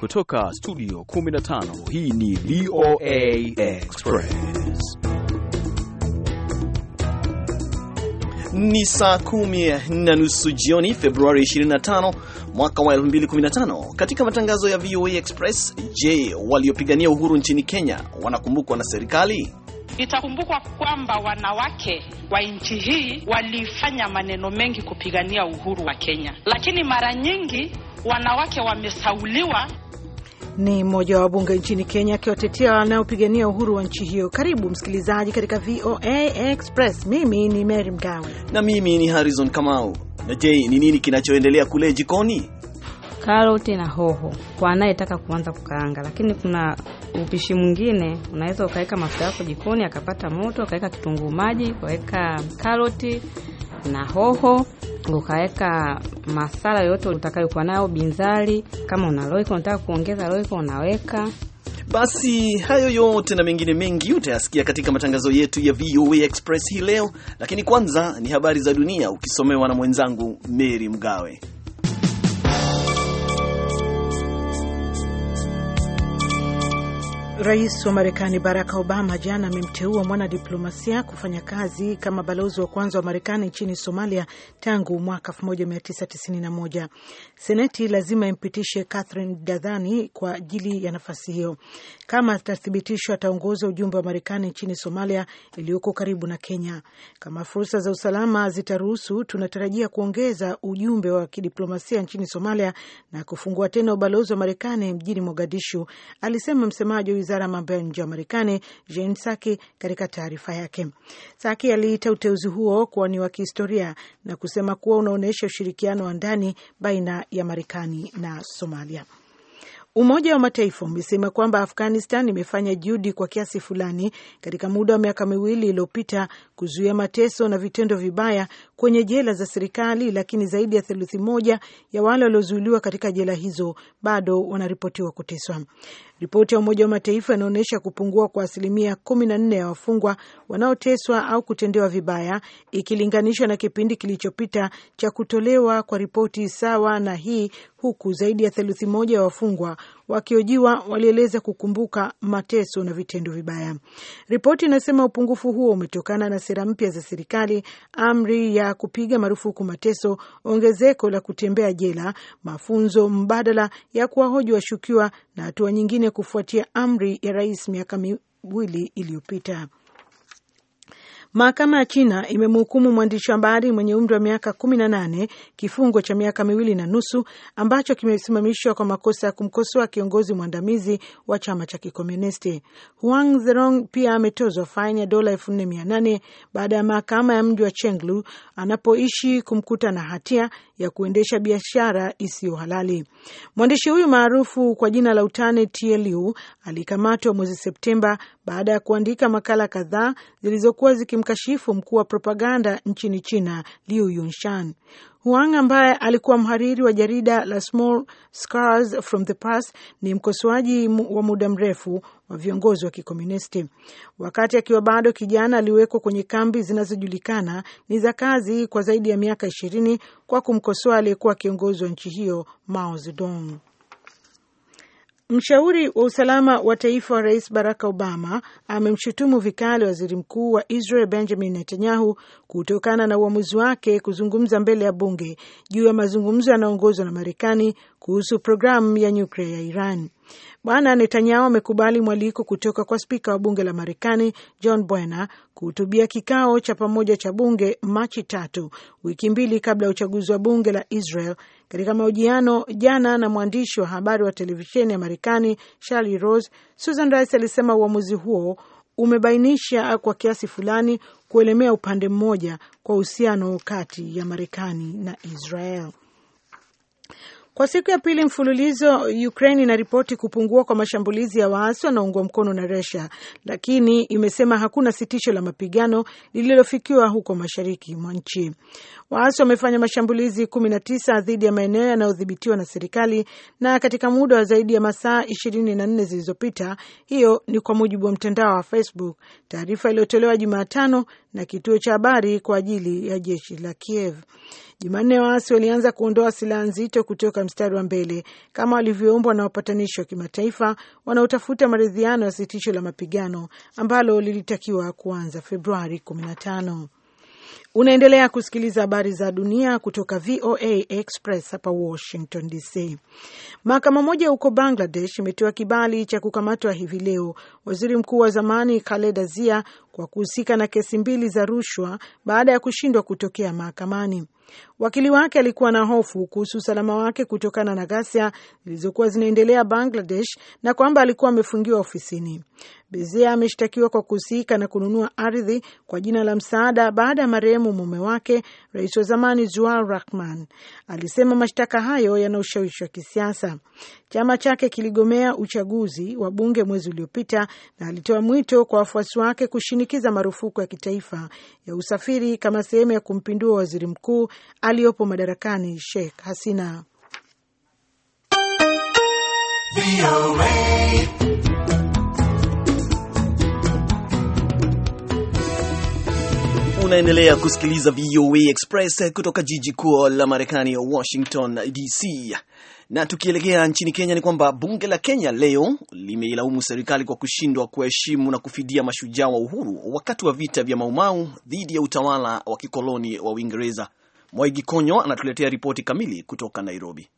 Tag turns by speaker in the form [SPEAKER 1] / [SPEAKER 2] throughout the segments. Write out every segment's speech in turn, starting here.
[SPEAKER 1] Kutoka studio 15 hii ni VOA
[SPEAKER 2] Express.
[SPEAKER 1] Ni saa kumi na nusu jioni Februari 25 mwaka wa 2015. Katika matangazo ya VOA Express, je, waliopigania uhuru nchini Kenya wanakumbukwa na serikali?
[SPEAKER 3] Itakumbukwa kwamba wanawake wa nchi hii walifanya maneno mengi kupigania uhuru wa Kenya, lakini mara nyingi wanawake wamesauliwa. Ni mmoja wa wabunge nchini Kenya akiwatetea wanaopigania uhuru wa nchi hiyo. Karibu msikilizaji katika VOA Express. Mimi ni Mary Mgawe
[SPEAKER 1] na mimi ni Harrison Kamau. Na je, ni nini kinachoendelea kule jikoni?
[SPEAKER 3] karoti
[SPEAKER 4] na hoho kwa anayetaka kuanza kukaanga, lakini kuna upishi mwingine unaweza ukaweka mafuta yako jikoni akapata moto, ukaweka kitunguu maji, ukaweka karoti na hoho, ukaweka masala yote utakayokuwa nayo, binzari. Kama una roiko unataka kuongeza roiko, unaweka
[SPEAKER 1] basi hayo yote na mengine mengi utayasikia katika matangazo yetu ya VOA Express hii leo, lakini kwanza ni habari za dunia ukisomewa na mwenzangu Mary Mgawe.
[SPEAKER 3] Rais wa Marekani Barack Obama jana amemteua mwanadiplomasia kufanya kazi kama balozi wa kwanza wa Marekani nchini Somalia tangu mwaka 1991. Seneti lazima impitishe Catherine Dadhani kwa ajili ya nafasi hiyo. Kama atathibitishwa, ataongoza ujumbe wa Marekani nchini Somalia iliyoko karibu na Kenya. Kama fursa za usalama zitaruhusu, tunatarajia kuongeza ujumbe wa kidiplomasia nchini Somalia na kufungua tena ubalozi wa Marekani mjini Mogadishu, alisema msemaji wizara ya mambo ya nje wa Marekani Jen Saki katika taarifa yake. Saki aliita uteuzi huo kuwa ni wa kihistoria na kusema kuwa unaonyesha ushirikiano wa ndani baina ya Marekani na Somalia. Umoja wa Mataifa umesema kwamba Afghanistan imefanya juhudi kwa kiasi fulani katika muda wa miaka miwili iliyopita kuzuia mateso na vitendo vibaya kwenye jela za serikali, lakini zaidi ya theluthi moja ya wale waliozuiliwa katika jela hizo bado wanaripotiwa kuteswa. Ripoti ya Umoja wa Mataifa inaonyesha kupungua kwa asilimia kumi na nne ya wafungwa wanaoteswa au kutendewa vibaya ikilinganishwa na kipindi kilichopita cha kutolewa kwa ripoti sawa na hii, huku zaidi ya theluthi moja ya wafungwa wakiojiwa walieleza kukumbuka mateso na vitendo vibaya. Ripoti inasema upungufu huo umetokana na sera mpya za serikali, amri ya kupiga marufuku mateso, ongezeko la kutembea jela, mafunzo mbadala ya kuwahoji washukiwa na hatua nyingine kufuatia amri ya rais miaka miwili iliyopita. Mahakama ya China imemhukumu mwandishi wa habari mwenye umri wa miaka kumi na nane kifungo cha miaka miwili na nusu ambacho kimesimamishwa kwa makosa ya kumkosoa kiongozi mwandamizi wa chama cha Kikomunisti. Huang Zerong pia ametozwa faini ya dola elfu nne mia nane baada ya mahakama ya mji wa Chenglu anapoishi kumkuta na hatia ya kuendesha biashara isiyo halali. Mwandishi huyu maarufu kwa jina la utani TLU alikamatwa mwezi Septemba baada ya kuandika makala kadhaa zilizokuwa ziki mkashifu mkuu wa propaganda nchini China Liu Yunshan. Huang ambaye alikuwa mhariri wa jarida la Small Scars from the Past ni mkosoaji wa muda mrefu wa viongozi wa kikomunisti. Wakati akiwa bado kijana, aliwekwa kwenye kambi zinazojulikana ni za kazi kwa zaidi ya miaka ishirini kwa kumkosoa aliyekuwa kiongozi wa nchi hiyo Mao Zedong. Mshauri wa usalama wa taifa wa rais Barack Obama amemshutumu vikali waziri mkuu wa Israel Benjamin Netanyahu kutokana na uamuzi wake kuzungumza mbele ya bunge juu ya mazungumzo yanayoongozwa na Marekani kuhusu programu ya nyuklia ya Iran. Bwana Netanyahu amekubali mwaliko kutoka kwa spika wa bunge la Marekani John Bwena kuhutubia kikao cha pamoja cha bunge Machi tatu, wiki mbili kabla ya uchaguzi wa bunge la Israel katika mahojiano jana na mwandishi wa habari wa televisheni ya Marekani Charlie Rose, Susan Rice alisema uamuzi huo umebainisha kwa kiasi fulani kuelemea upande mmoja kwa uhusiano kati ya Marekani na Israel. Kwa siku ya pili mfululizo, Ukraine inaripoti kupungua kwa mashambulizi ya waasi wanaoungwa mkono na Russia, lakini imesema hakuna sitisho la mapigano lililofikiwa huko mashariki mwa nchi. Waasi wamefanya mashambulizi 19 dhidi ya maeneo yanayodhibitiwa na serikali na katika muda wa zaidi ya masaa 24 zilizopita. Hiyo ni kwa mujibu wa mtandao wa Facebook, taarifa iliyotolewa Jumatano na kituo cha habari kwa ajili ya jeshi la Kiev. Jumanne waasi walianza kuondoa silaha nzito kutoka mstari wa mbele kama walivyoombwa na wapatanishi wa kimataifa wanaotafuta maridhiano ya sitisho la mapigano ambalo lilitakiwa kuanza Februari 15. Unaendelea kusikiliza habari za dunia kutoka VOA Express hapa Washington DC. Mahakama moja huko Bangladesh imetoa kibali cha kukamatwa hivi leo waziri mkuu wa zamani Khaled Azia kwa kuhusika na kesi mbili za rushwa baada ya kushindwa kutokea mahakamani. Wakili wake alikuwa na hofu kuhusu usalama wake kutokana na ghasia zilizokuwa zinaendelea Bangladesh na kwamba alikuwa amefungiwa ofisini. Bezia ameshtakiwa kwa kuhusika na kununua ardhi kwa jina la msaada baada ya marehemu mume wake, rais wa zamani Zuar Rahman. Alisema mashtaka hayo yana ushawishi wa kisiasa. Chama chake kiligomea uchaguzi wa bunge mwezi uliopita na alitoa mwito kwa wafuasi wake kushinikiza marufuku ya kitaifa ya usafiri kama sehemu ya kumpindua waziri mkuu aliyopo madarakani Sheikh Hasina.
[SPEAKER 1] Unaendelea kusikiliza VOA Express kutoka jiji kuu la Marekani ya Washington DC. Na tukielekea nchini Kenya ni kwamba bunge la Kenya leo limeilaumu serikali kwa kushindwa kuheshimu na kufidia mashujaa wa uhuru wakati wa vita vya Maumau dhidi ya utawala wa kikoloni wa Uingereza.
[SPEAKER 5] Mwaigi Konyo anatuletea ripoti kamili kutoka Nairobi.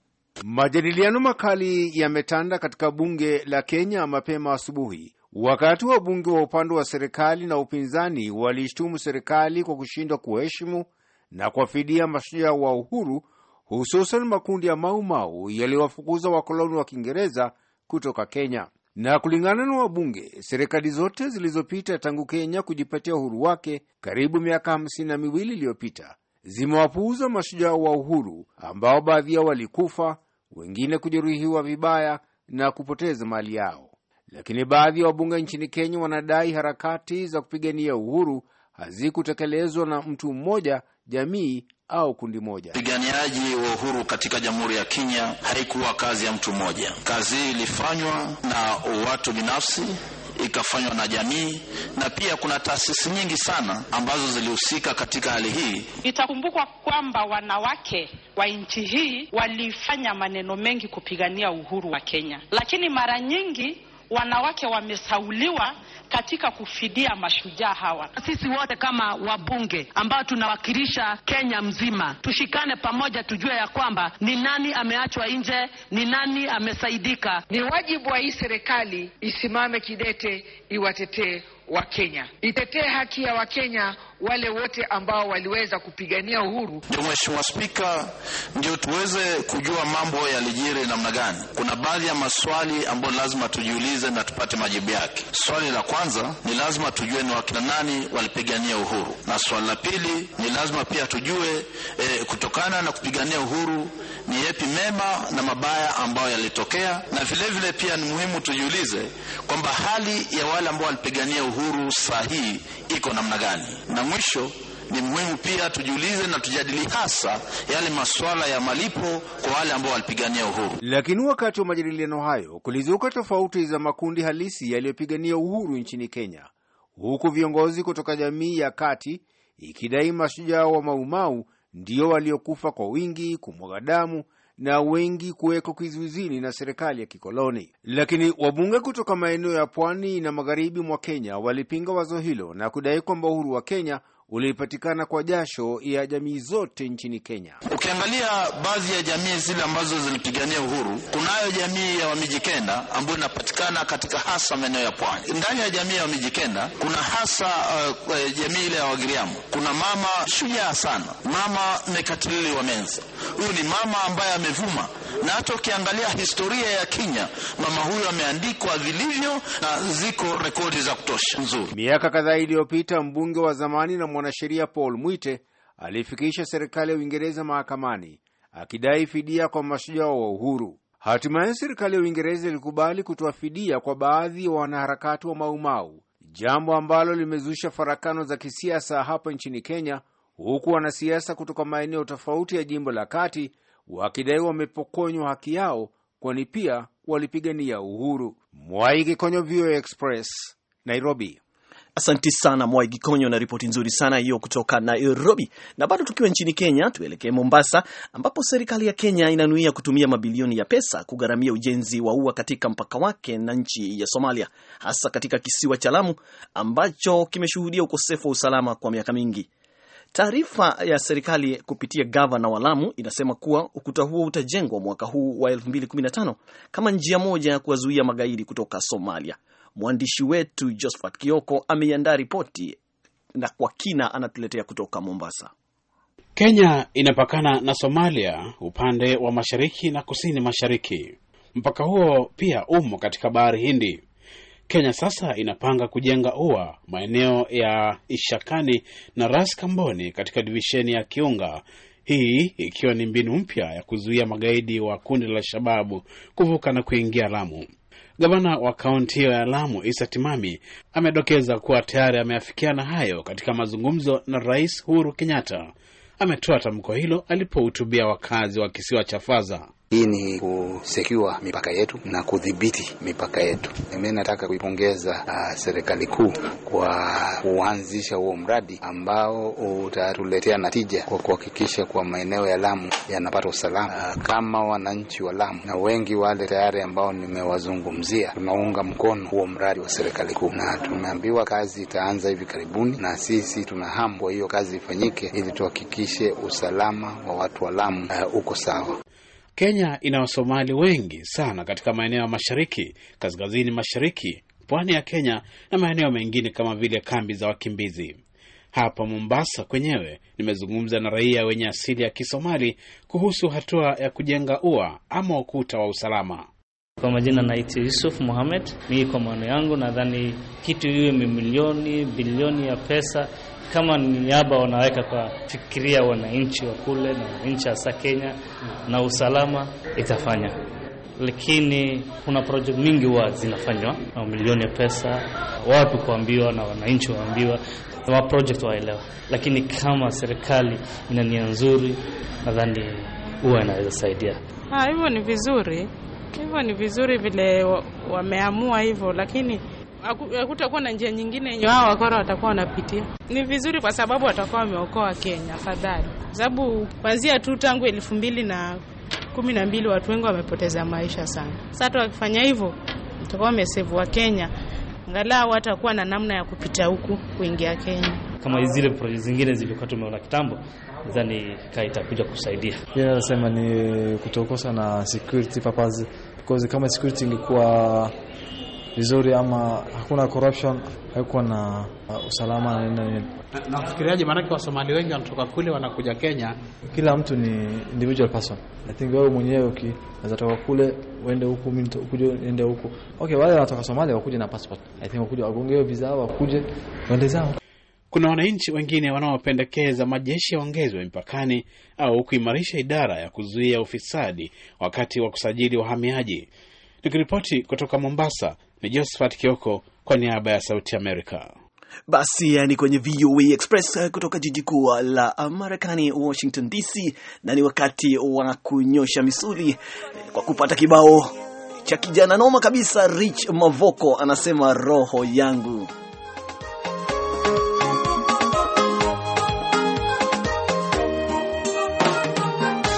[SPEAKER 5] Majadiliano makali yametanda katika bunge la Kenya mapema asubuhi wakati wa bunge wa upande wa serikali na upinzani walishtumu serikali kwa kushindwa kuheshimu na kuwafidia mashujaa wa uhuru hususan makundi ya Maumau yaliyowafukuza wakoloni wa Kiingereza kutoka Kenya. Na kulingana na wabunge, serikali zote zilizopita tangu Kenya kujipatia uhuru wake karibu miaka hamsini na miwili iliyopita zimewapuuza mashujaa wa uhuru ambao baadhi yao walikufa, wengine kujeruhiwa vibaya na kupoteza mali yao. Lakini baadhi ya wabunge nchini Kenya wanadai harakati za kupigania uhuru hazikutekelezwa na mtu mmoja, jamii au kundi moja.
[SPEAKER 6] Piganiaji wa uhuru katika Jamhuri ya Kenya haikuwa kazi ya mtu mmoja. Kazi hii ilifanywa na watu binafsi ikafanywa na jamii na pia kuna taasisi nyingi sana ambazo zilihusika katika hali hii.
[SPEAKER 7] Itakumbukwa
[SPEAKER 3] kwamba wanawake wa nchi hii walifanya maneno mengi kupigania uhuru wa Kenya, lakini mara nyingi wanawake wamesauliwa katika
[SPEAKER 8] kufidia mashujaa hawa. Sisi wote kama wabunge ambao tunawakilisha Kenya mzima, tushikane pamoja, tujue ya kwamba ni nani ameachwa nje, ni nani amesaidika. Ni wajibu wa hii serikali isimame kidete, iwatetee wa Kenya, itetee haki ya Wakenya wale wote ambao waliweza kupigania uhuru.
[SPEAKER 6] Ndio Mheshimiwa Spika, ndio tuweze kujua mambo yalijiri namna gani. Kuna baadhi ya maswali ambayo lazima tujiulize na tupate majibu yake. Swali la kwanza ni lazima tujue ni wakina nani walipigania uhuru, na swali la pili ni lazima pia tujue eh, kutokana na kupigania uhuru ni yapi mema na mabaya ambayo yalitokea, na vilevile vile pia ni muhimu tujiulize kwamba hali ya wale ambao walipigania uhuru saa hii iko namna gani, na mwisho ni muhimu pia tujiulize na tujadili hasa yale masuala ya malipo kwa wale ambao walipigania uhuru.
[SPEAKER 5] Lakini wakati wa majadiliano hayo kulizuka tofauti za makundi halisi yaliyopigania uhuru nchini Kenya, huku viongozi kutoka jamii ya kati ikidai mashujaa wa Maumau ndio waliokufa kwa wingi, kumwaga damu na wengi kuwekwa kizuizini na serikali ya kikoloni. Lakini wabunge kutoka maeneo ya pwani na magharibi mwa Kenya walipinga wazo hilo na kudai kwamba uhuru wa Kenya ulipatikana kwa jasho ya jamii zote nchini Kenya.
[SPEAKER 6] Ukiangalia baadhi ya jamii zile ambazo zilipigania uhuru, kunayo jamii ya Wamijikenda ambayo inapatikana katika hasa maeneo ya pwani. Ndani ya jamii ya Wamijikenda kuna hasa uh, eh, jamii ile ya Wagiriamu. Kuna mama shujaa sana, mama Mekatilili wa Menza. Huyu ni mama ambaye amevuma, na hata ukiangalia historia ya Kenya, mama huyu ameandikwa vilivyo na ziko rekodi za kutosha
[SPEAKER 5] nzuri. Miaka kadhaa iliyopita mbunge wa zamani na mwanasheria Paul Mwite alifikisha serikali ya Uingereza mahakamani akidai fidia kwa mashujaa wa uhuru. Hatimaye serikali ya Uingereza ilikubali kutoa fidia kwa baadhi ya wanaharakati wa Maumau, jambo ambalo limezusha farakano za kisiasa hapa nchini Kenya, huku wanasiasa kutoka maeneo tofauti ya jimbo la kati wakidai wamepokonywa haki yao, kwani pia walipigania uhuru. Mwai Kikonyo, VOA Express, Nairobi.
[SPEAKER 1] Asanti sana Mwai Gikonyo na ripoti nzuri sana hiyo kutoka Nairobi. Na bado tukiwa nchini Kenya, tuelekee Mombasa ambapo serikali ya Kenya inanuia kutumia mabilioni ya pesa kugharamia ujenzi wa ua katika mpaka wake na nchi ya Somalia, hasa katika kisiwa cha Lamu ambacho kimeshuhudia ukosefu wa usalama kwa miaka mingi. Taarifa ya serikali kupitia gavana wa Lamu inasema kuwa ukuta huo utajengwa mwaka huu wa 2015 kama njia moja ya kuwazuia magaidi kutoka Somalia. Mwandishi wetu Josephat Kioko
[SPEAKER 7] ameiandaa ripoti na kwa kina anatuletea kutoka Mombasa. Kenya inapakana na Somalia upande wa mashariki na kusini mashariki. Mpaka huo pia umo katika bahari Hindi. Kenya sasa inapanga kujenga ua maeneo ya Ishakani na Ras Kamboni katika divisheni ya Kiunga, hii ikiwa ni mbinu mpya ya kuzuia magaidi wa kundi la Shababu kuvuka na kuingia Lamu. Gavana wa kaunti hiyo ya Lamu, Isa Timami, amedokeza kuwa tayari ameafikiana hayo katika mazungumzo na Rais Uhuru Kenyatta. Ametoa tamko hilo alipohutubia wakazi wa kisiwa cha Faza.
[SPEAKER 5] Hii ni kusekiwa mipaka yetu na kudhibiti mipaka yetu. Mimi nataka kuipongeza uh, serikali kuu kwa kuanzisha huo mradi ambao utatuletea natija kwa kuhakikisha kwa maeneo ya Lamu yanapata usalama. Uh, kama wananchi wa Lamu na wengi wale tayari ambao nimewazungumzia, tunaunga mkono huo mradi wa serikali kuu, na tumeambiwa kazi itaanza hivi karibuni, na sisi tuna hamu kwa hiyo kazi ifanyike, ili tuhakikishe usalama wa watu wa Lamu uh, uko sawa.
[SPEAKER 7] Kenya ina Wasomali wengi sana katika maeneo ya mashariki, kaskazini mashariki, pwani ya Kenya na maeneo mengine kama vile kambi za wakimbizi. Hapa Mombasa kwenyewe nimezungumza na raia wenye asili ya Kisomali kuhusu hatua ya kujenga ua ama ukuta wa usalama. Kwa majina naitwa Yusuf Muhamed. Mii kwa maono yangu nadhani kitu iwe mimilioni bilioni ya pesa kama niaba wanaweka kwa fikiria wananchi wa kule na wananchi hasa Kenya na usalama itafanya lakini kuna project mingi huwa zinafanywa na milioni ya pesa, watu kuambiwa na wananchi waambiwa na project waelewa, lakini kama serikali ina nia nzuri, nadhani huwa inaweza saidia.
[SPEAKER 3] Ah, hivyo ni vizuri, hivyo ni vizuri vile wameamua hivyo, lakini hakutakuwa na njia nyingine yenye wao wakora watakuwa wanapitia. Ni vizuri kwa sababu watakuwa wameokoa Kenya afadhali, kwa sababu kwanzia tu tangu elfu mbili na kumi na mbili watu wengi wamepoteza maisha sana. Sasa hata wakifanya hivyo watakuwa wamesevu wa Kenya, angalau watakuwa na namna ya kupita huku kuingia Kenya.
[SPEAKER 7] Kama zile proje zingine zilikuwa tumeona kitambo, zani ka itakuja kusaidia. Yeye
[SPEAKER 6] yeah, anasema ni kutokosa na security purpose because kama security ingekuwa vizuri ama hakuna corruption, haikuwa na usalama na nini.
[SPEAKER 7] Nafikiriaje? Maanake wasomali wengi wanatoka kule wanakuja Kenya.
[SPEAKER 6] Kila mtu ni individual person. I think wewe mwenyewe ukiweza toka kule uende huku, mimi ukuje uende huku. Okay, wale wanatoka Somalia wakuje na passport. I think wakuje wagongewe visa, wakuje waende zao.
[SPEAKER 7] Kuna wananchi wengine wanaopendekeza majeshi yaongezwe mipakani au kuimarisha idara ya kuzuia ufisadi wakati wa kusajili wahamiaji. Nikiripoti kutoka Mombasa. Ni Josephat Kioko kwa niaba ya Sauti Amerika. Basi eh, ni kwenye VOA Express eh, kutoka jiji kuu la Marekani,
[SPEAKER 1] Washington DC, na ni wakati wa kunyosha misuli kwa kupata kibao cha kijana noma kabisa. Rich Mavoko anasema roho yangu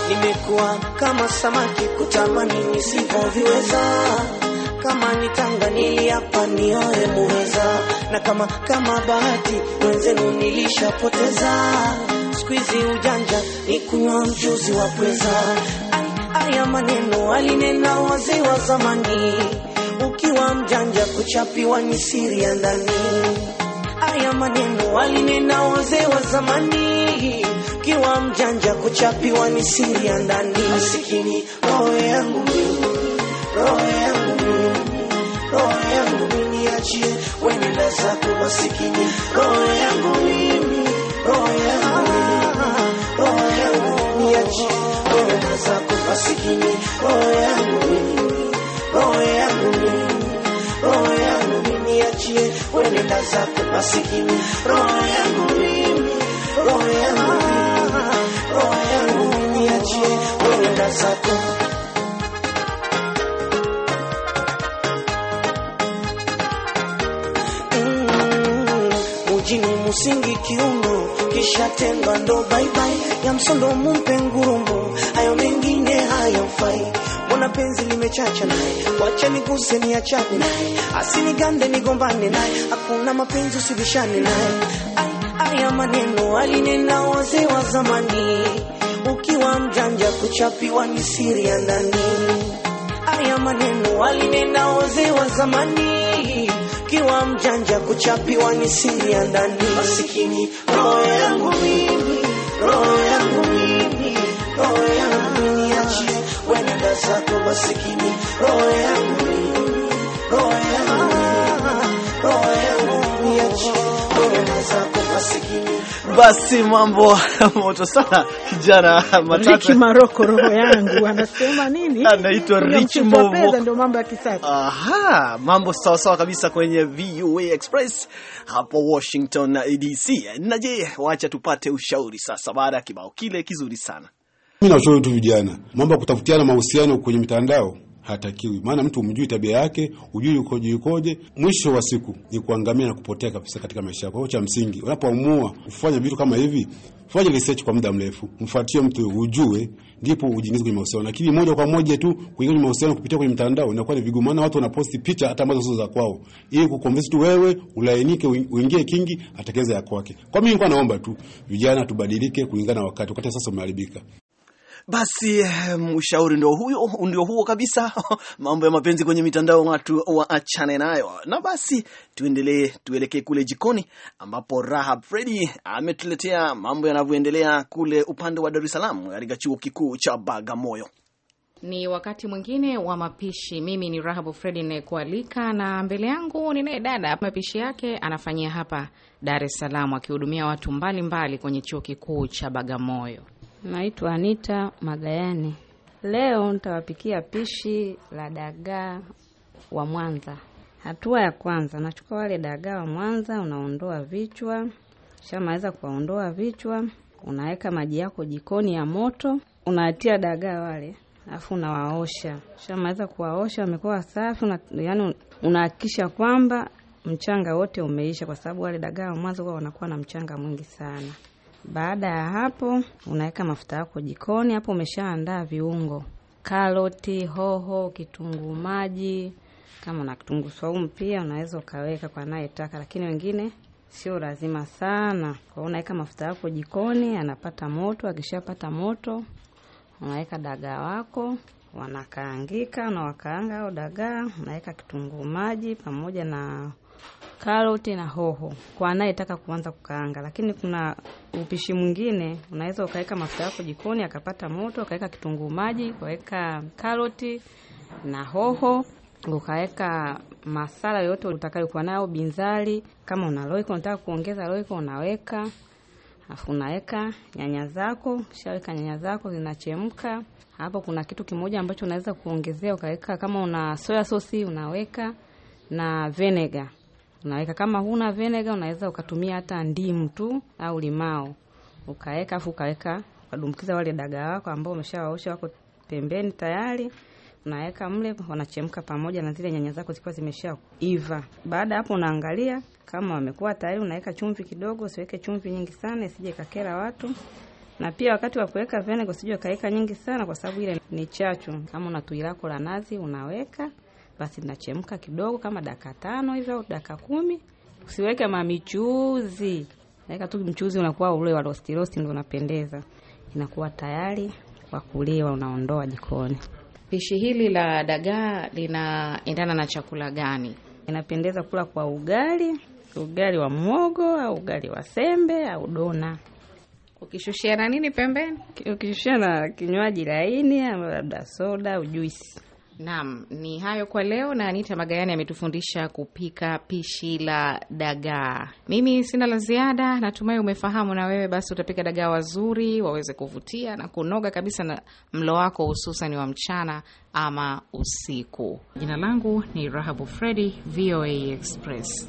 [SPEAKER 2] nimekuwa kama samaki kutamani nisivyoviweza kama ni nitanga niliapa nioe muweza, na kama kama bahati wenzenu nilishapoteza. Siku hizi ujanja ni kunywa mchuzi wa pweza. Aya maneno alinena wazee wa zamani, ukiwa mjanja kuchapiwa ni siri ya ndani. Aya maneno alinena wazee wa zamani kiwa mjanja kuchapiwa ni siri ya ndani. Masikini roho yangu, roho yangu roho yangu niachie, wewe na zako masikini, roho yangu mimi, roho yangu roho yangu niachie, wewe na zako masikini, roho yangu mimi, roho yangu mimi, roho yangu mimi niachie, wewe na zako masikini, roho yangu mimi, roho yangu roho yangu niachie, wewe na zako msingi kiungo, kisha tenga ndo bye bye, ya msondo mumpe ngurumo, hayo mengine hayamfai. Mbona penzi limechacha naye, wacha niguse niachane naye, asinigande nigombane naye, hakuna mapenzi usibishane naye. Haya maneno alinena wazee wa zamani, ukiwa mjanja kuchapiwa ni siri ya ndani. Haya maneno alinena wazee wa zamani, ukiwa janja kuchapiwa ni siri ya ndani masikini roho yangu mimi roho yangu mimi roho yangu mimi achie wenda zako masikini roho yangu mimi roho yangu
[SPEAKER 1] Basi mambo moto sana kijana matata Maroko, roho yangu anasema nini? Anaitwa Rich Movo,
[SPEAKER 3] ndio mambo ya kisasa.
[SPEAKER 1] Aha, mambo sawa sawa kabisa kwenye VOA Express hapo Washington DC. Na je, wacha tupate ushauri sasa, baada ya kibao kile
[SPEAKER 7] kizuri sana. Mimi na ushauri tu vijana, mambo ya kutafutiana mahusiano kwenye mitandao hatakiwi, maana mtu umjui tabia yake, ujui ukoje ukoje. Mwisho wa siku ni kuangamia na kupotea kabisa katika maisha yako. Cha msingi unapoamua kufanya vitu kama hivi, fanya research kwa muda mrefu, mfuatie mtu ujue, ndipo ujiingize kwenye mahusiano. Lakini moja kwa moja tu kuingia kwenye mahusiano kupitia kwenye mtandao inakuwa ni vigumu, maana watu wanaposti picha hata ambazo sio za kwao, ili kukonvince tu wewe ulainike, uingie kingi, atakeza ya kwake. Kwa mimi nilikuwa naomba tu vijana tubadilike kulingana na wakati, wakati sasa umeharibika. Basi ushauri ndio huyo, ndio huo kabisa.
[SPEAKER 1] Mambo ya mapenzi kwenye mitandao watu waachane nayo. Na basi tuendelee, tuelekee kule jikoni ambapo Rahab Fredi ametuletea mambo yanavyoendelea kule upande wa Dar es Salaam katika chuo kikuu cha Bagamoyo.
[SPEAKER 4] Ni wakati mwingine wa mapishi. Mimi ni Rahabu Fredi inayekualika na mbele yangu ninaye dada, mapishi yake anafanyia hapa Dar es Salaam, akihudumia watu mbalimbali mbali kwenye chuo kikuu cha Bagamoyo. Naitwa Anita Magayani. Leo nitawapikia pishi la dagaa wa Mwanza. Hatua ya kwanza, nachukua wale dagaa wa Mwanza, unaondoa vichwa. Shamaweza kuwaondoa vichwa, unaweka maji yako jikoni ya moto, unatia dagaa wale, alafu unawaosha. Shamaweza kuwaosha, wamekuwa safi, yaani unahakikisha kwamba mchanga wote umeisha, kwa sababu wale dagaa wa Mwanza huwa wanakuwa na mchanga mwingi sana. Baada ya hapo, unaweka mafuta yako jikoni. Hapo umeshaandaa viungo, karoti, hoho, kitunguu maji. Kama na kitunguu saumu pia unaweza ukaweka kwa anayetaka, lakini wengine sio lazima sana. Kwa hiyo unaweka mafuta yako jikoni, anapata moto. Akishapata moto, unaweka dagaa wako, wanakaangika. wakaanga au dagaa, unaweka kitunguu maji pamoja na karoti na hoho kwa anayetaka kuanza kukaanga. Lakini kuna upishi mwingine, unaweza ukaweka mafuta yako jikoni akapata moto, ukaweka kitunguu maji, ukaweka karoti na hoho, ukaweka masala yote utakayokuwa nayo, binzari. Kama una roiko unataka kuongeza roiko, unaweka afu unaweka nyanya zako. Ushaweka nyanya zako zinachemka hapo, kuna kitu kimoja ambacho unaweza kuongezea, ukaweka kama una soya sosi unaweka na vinegar unaweka. Kama huna venega, unaweza ukatumia hata ndimu tu au limao ukaweka, afu ukaweka ukadumkiza wale dagaa wako ambao umeshawaosha wako pembeni tayari unaweka mle, wanachemka pamoja na zile nyanya zako zikiwa zimeshaiva. Baada hapo, unaangalia kama wamekuwa tayari, unaweka chumvi kidogo, usiweke chumvi nyingi sana, isije kakera watu. Na pia wakati wa kuweka vinegar usije kaweka nyingi sana, kwa sababu ile ni chachu. Kama una tui lako la nazi unaweka basi nachemka kidogo kama dakika tano hivi au dakika kumi. Usiweke mamichuzi, naweka tu mchuzi, unakuwa ule wa roast roast, ndio unapendeza, inakuwa tayari kwa kuliwa, unaondoa jikoni. Pishi hili la dagaa linaendana na chakula gani? Inapendeza kula kwa ugali, ugali wa mwogo au ugali wa sembe au dona ukishushia na nini pembeni, ukishushia na kinywaji laini, labda soda au juisi. Naam, ni hayo kwa leo, na Anita Magayani ametufundisha kupika pishi la dagaa. Mimi sina la ziada, natumai umefahamu na wewe basi utapika dagaa wazuri waweze kuvutia na kunoga kabisa na mlo wako, hususan wa mchana ama usiku. Jina langu ni Rahabu Fredi, VOA Express.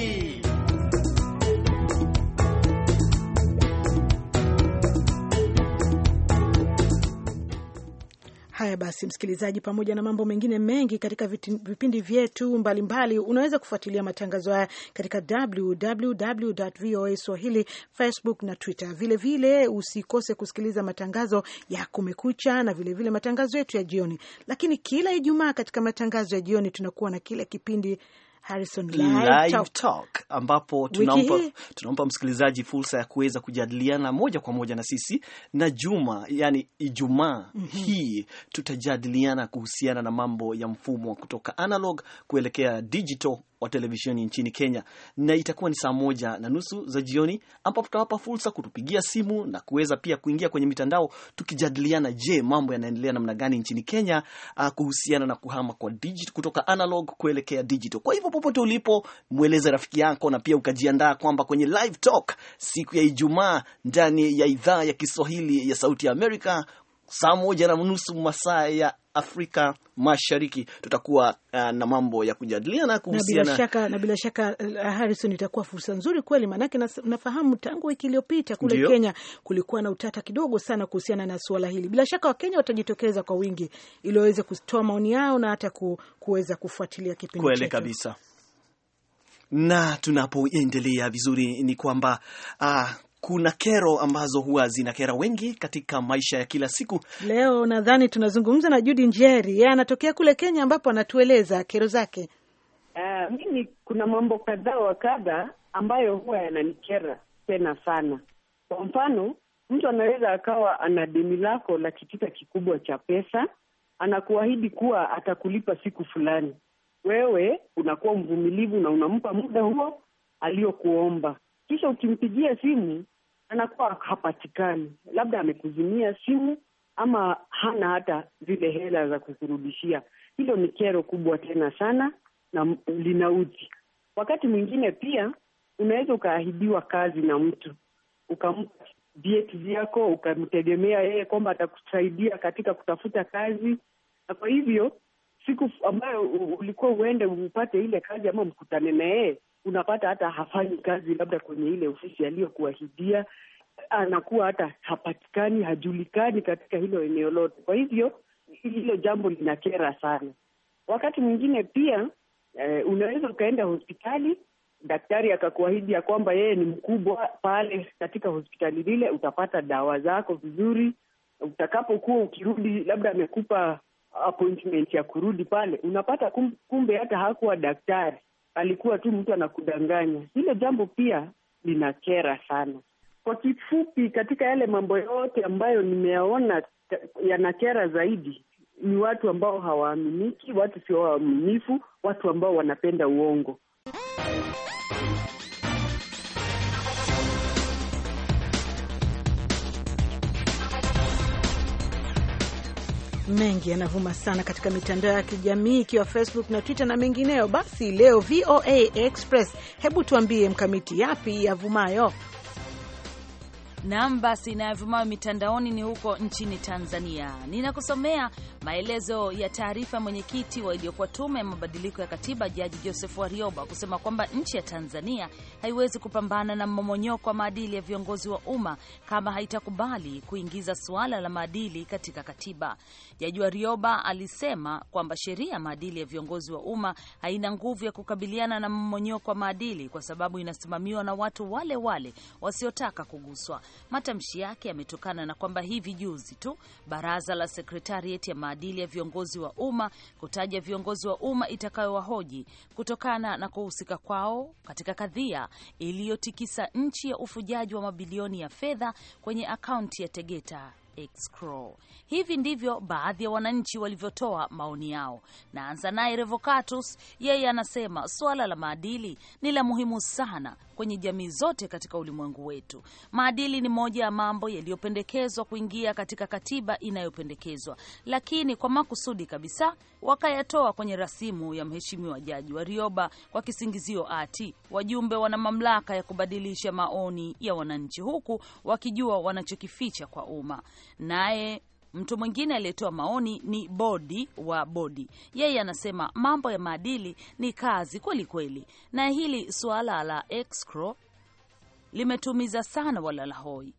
[SPEAKER 3] basi msikilizaji, pamoja na mambo mengine mengi katika vipindi vyetu mbalimbali, unaweza kufuatilia matangazo haya katika www voa swahili Facebook na Twitter. Vilevile vile, usikose kusikiliza matangazo ya Kumekucha na vilevile vile matangazo yetu ya jioni. Lakini kila Ijumaa katika matangazo ya jioni tunakuwa na kile kipindi Harrison, live
[SPEAKER 1] talk, ambapo tunampa, tunampa msikilizaji fursa ya kuweza kujadiliana moja kwa moja na sisi na Juma, yani Ijumaa mm -hmm. hii tutajadiliana kuhusiana na mambo ya mfumo wa kutoka analog kuelekea digital wa televisheni nchini Kenya, na itakuwa ni saa moja na nusu za jioni, ambapo tutawapa fursa kutupigia simu na kuweza pia kuingia kwenye mitandao tukijadiliana, je, mambo yanaendelea namna gani nchini Kenya uh, kuhusiana na kuhama kwa digital, kutoka analog kuelekea digital. Kwa hivyo popote ulipo, mweleze rafiki yako na pia ukajiandaa kwamba kwenye live talk siku ya Ijumaa ndani ya idhaa ya Kiswahili ya Sauti ya Amerika saa moja na nusu masaa ya Afrika Mashariki tutakuwa uh, na mambo ya kujadiliana kuhusiana na bila shaka, na
[SPEAKER 3] bila shaka uh, Harrison, itakuwa fursa nzuri kweli, maanake nafahamu tangu wiki iliyopita kule Ndiyo. Kenya kulikuwa na utata kidogo sana kuhusiana na suala hili. Bila shaka Wakenya watajitokeza kwa wingi ili waweze kutoa maoni yao na hata kuweza kufuatilia kipindi kweli kabisa
[SPEAKER 1] na tunapoendelea vizuri ni kwamba uh, kuna kero ambazo huwa zinakera wengi katika maisha ya kila siku.
[SPEAKER 3] Leo nadhani tunazungumza na Judi Njeri, yeye anatokea kule Kenya, ambapo anatueleza kero zake.
[SPEAKER 8] Uh, mimi kuna mambo kadhaa wa kadha ambayo huwa yananikera tena sana. Kwa mfano, mtu anaweza akawa ana deni lako la kitita kikubwa cha pesa, anakuahidi kuwa atakulipa siku fulani. Wewe unakuwa mvumilivu na unampa muda huo aliyokuomba, kisha ukimpigia simu anakuwa hapatikani, labda amekuzimia simu ama hana hata zile hela za kukurudishia. Hilo ni kero kubwa tena sana na linauti. Wakati mwingine pia unaweza ukaahidiwa kazi na mtu ukampa vyeti vyako ukamtegemea yeye kwamba atakusaidia katika kutafuta kazi, na kwa hivyo siku ambayo ulikuwa uende upate ile kazi ama mkutane na yeye, unapata hata hafanyi kazi labda kwenye ile ofisi aliyokuahidia, anakuwa hata hapatikani, hajulikani katika hilo eneo lote. Kwa hivyo hilo jambo linakera sana. Wakati mwingine pia eh, unaweza ukaenda hospitali daktari akakuahidi ya kwamba yeye ni mkubwa pale katika hospitali lile, utapata dawa zako vizuri. Utakapokuwa ukirudi, labda amekupa appointment ya kurudi pale, unapata kumbe hata hakuwa daktari, alikuwa tu mtu anakudanganya. Hilo jambo pia linakera sana. Kwa kifupi, katika yale mambo yote ambayo nimeyaona yanakera zaidi ni watu ambao hawaaminiki, watu sio waaminifu, watu ambao wanapenda uongo.
[SPEAKER 3] mengi yanavuma sana katika mitandao ya kijamii ikiwa Facebook na Twitter na mengineyo. Basi leo VOA Express, hebu tuambie mkamiti, yapi yavumayo?
[SPEAKER 9] Nam, basi inayovumayo mitandaoni ni huko nchini Tanzania. Ninakusomea Maelezo ya taarifa ya mwenyekiti wa iliyokuwa tume ya mabadiliko ya katiba Jaji Joseph Warioba kusema kwamba nchi ya Tanzania haiwezi kupambana na mmomonyoko wa maadili ya viongozi wa umma kama haitakubali kuingiza suala la maadili katika katiba. Jaji Warioba alisema kwamba sheria ya maadili ya viongozi wa umma haina nguvu ya kukabiliana na mmomonyoko wa maadili kwa sababu inasimamiwa na watu wale wale wasiotaka kuguswa. Matamshi yake yametokana na kwamba hivi juzi tu baraza la sekretarieti ya maadili ya viongozi wa umma, kutaja viongozi wa umma itakayowahoji kutokana na kuhusika kwao katika kadhia iliyotikisa nchi ya ufujaji wa mabilioni ya fedha kwenye akaunti ya Tegeta escrow. Hivi ndivyo baadhi ya wananchi walivyotoa maoni yao. Naanza naye Revocatus, yeye anasema suala la maadili ni la muhimu sana kwenye jamii zote katika ulimwengu wetu. Maadili ni moja ya mambo yaliyopendekezwa kuingia katika katiba inayopendekezwa, lakini kwa makusudi kabisa wakayatoa kwenye rasimu ya mheshimiwa Jaji Warioba kwa kisingizio ati wajumbe wana mamlaka ya kubadilisha maoni ya wananchi, huku wakijua wanachokificha kwa umma. Naye Mtu mwingine aliyetoa maoni ni Bodi wa Bodi, yeye anasema mambo ya maadili ni kazi kweli kweli, na hili suala la escrow limetumiza sana walala hoi.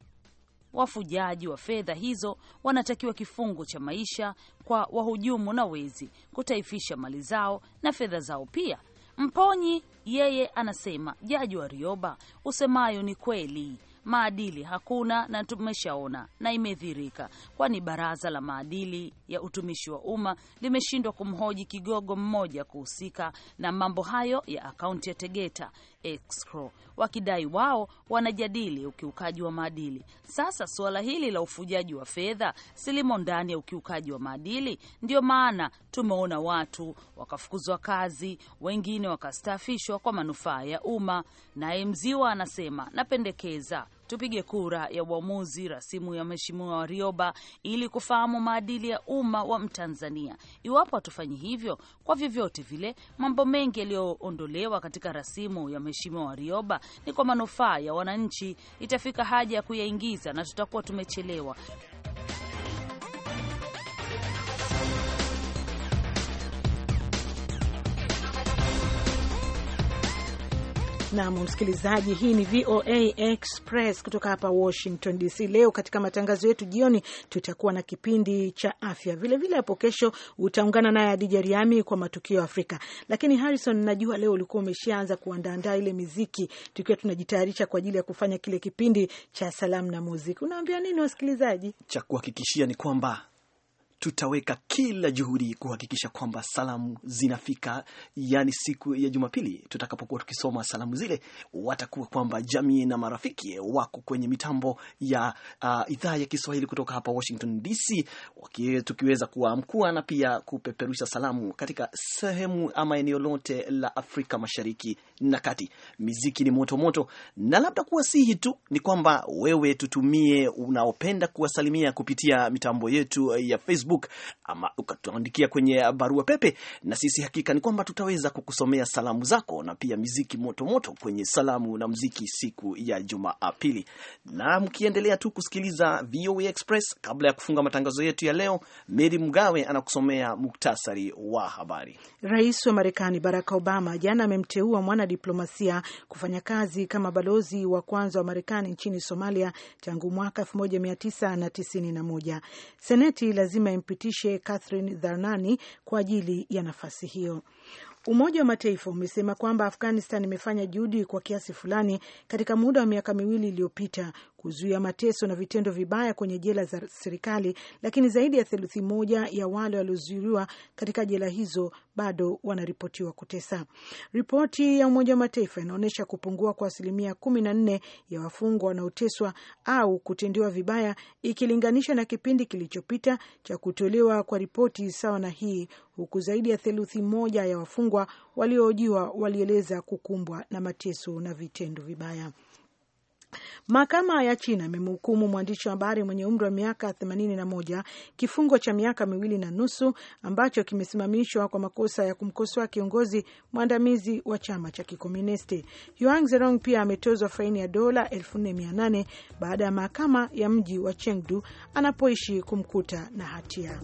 [SPEAKER 9] Wafujaji wa fedha hizo wanatakiwa kifungo cha maisha kwa wahujumu na wezi kutaifisha mali zao na fedha zao pia. Mponyi yeye anasema jaji wa Rioba, usemayo ni kweli maadili hakuna, na tumeshaona na imedhirika, kwani baraza la maadili ya utumishi wa umma limeshindwa kumhoji kigogo mmoja kuhusika na mambo hayo ya akaunti ya Tegeta escrow, wakidai wao wanajadili ukiukaji wa maadili. Sasa suala hili la ufujaji wa fedha silimo ndani ya ukiukaji wa maadili, ndio maana tumeona watu wakafukuzwa kazi, wengine wakastaafishwa kwa manufaa ya umma. Naye Mziwa anasema napendekeza tupige kura ya uamuzi rasimu ya Mheshimiwa Warioba ili kufahamu maadili ya umma wa Mtanzania. Iwapo hatufanyi hivyo, kwa vyovyote vile, mambo mengi yaliyoondolewa katika rasimu ya Mheshimiwa Warioba ni kwa manufaa ya wananchi. Itafika haja ya kuyaingiza na tutakuwa tumechelewa.
[SPEAKER 3] Nam msikilizaji, hii ni VOA Express kutoka hapa Washington DC. Leo katika matangazo yetu jioni, tutakuwa na kipindi cha afya vilevile. Hapo kesho utaungana naye Adija Riami kwa matukio ya Afrika. Lakini Harrison, najua leo ulikuwa umeshaanza kuandaandaa ile miziki, tukiwa tunajitayarisha kwa ajili ya kufanya kile kipindi cha salamu na muziki. Unaambia nini wasikilizaji?
[SPEAKER 1] Cha kuhakikishia ni kwamba tutaweka kila juhudi kuhakikisha kwamba salamu zinafika, yani siku ya Jumapili tutakapokuwa tukisoma salamu zile, watakuwa kwamba jamii na marafiki wako kwenye mitambo ya uh, idhaa ya Kiswahili kutoka hapa Washington DC, tukiweza kuwaamkua na pia kupeperusha salamu katika sehemu ama eneo lote la Afrika Mashariki na Kati. Miziki ni motomoto moto, na labda kuwasihi tu ni kwamba wewe tutumie unaopenda kuwasalimia kupitia mitambo yetu ya Facebook Facebook ama ukatuandikia kwenye barua pepe, na sisi hakika ni kwamba tutaweza kukusomea salamu zako na pia miziki moto moto kwenye salamu na mziki siku ya Jumapili. Na mkiendelea tu kusikiliza VOA Express, kabla ya kufunga matangazo yetu ya leo, Mary Mgawe anakusomea muktasari wa habari.
[SPEAKER 3] Rais wa Marekani Barack Obama jana amemteua mwanadiplomasia kufanya kazi kama balozi wa kwanza wa Marekani nchini Somalia tangu mwaka 1991. Seneti lazima impitishe Catherine Dharnani kwa ajili ya nafasi hiyo. Umoja wa Mataifa umesema kwamba Afghanistan imefanya juhudi kwa kiasi fulani katika muda wa miaka miwili iliyopita kuzuia mateso na vitendo vibaya kwenye jela za serikali, lakini zaidi ya theluthi moja ya wale waliozuiliwa katika jela hizo bado wanaripotiwa kutesa. Ripoti ya Umoja wa Mataifa inaonyesha kupungua kwa asilimia kumi na nne ya wafungwa wanaoteswa au kutendewa vibaya ikilinganishwa na kipindi kilichopita cha kutolewa kwa ripoti sawa na hii, huku zaidi ya theluthi moja ya wafungwa waliohojiwa walieleza kukumbwa na mateso na vitendo vibaya. Mahakama ya China imemhukumu mwandishi wa habari mwenye umri wa miaka 81 kifungo cha miaka miwili na nusu ambacho kimesimamishwa kwa makosa ya kumkosoa kiongozi mwandamizi wa chama cha kikomunisti. Yuan Zerong pia ametozwa faini ya dola 1400 baada ya mahakama ya mji wa Chengdu anapoishi kumkuta na hatia.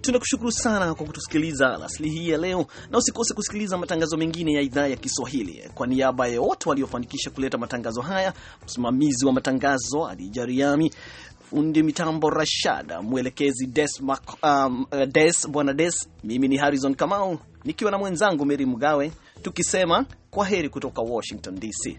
[SPEAKER 1] Tunakushukuru sana kwa kutusikiliza alasili hii ya leo, na usikose kusikiliza matangazo mengine ya idhaa ya Kiswahili. Kwa niaba ya wote waliofanikisha kuleta matangazo haya msima msimamizi wa matangazo Adija fundi mitambo Rashada, mwelekezi Des, um, uh, Des bwana Des. Mimi ni Harrison Kamau nikiwa na mwenzangu Meri Mgawe tukisema kwa heri kutoka Washington DC.